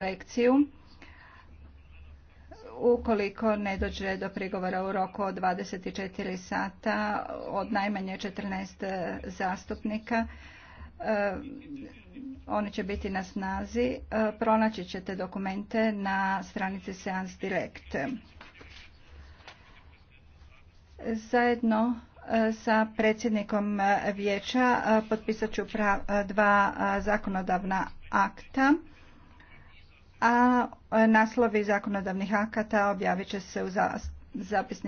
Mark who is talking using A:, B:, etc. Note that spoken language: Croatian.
A: lekciju ukoliko ne dođe do prigovora u roku od 24 sata od najmanje 14 zastupnika e, oni će biti na snazi e, pronaći ćete dokumente na stranici Seans Direct zajedno e, sa predsjednikom vijeća potpisat ću dva zakonodavna akta a e, naslovi zakonodavnih akata objavit će se u zapisniku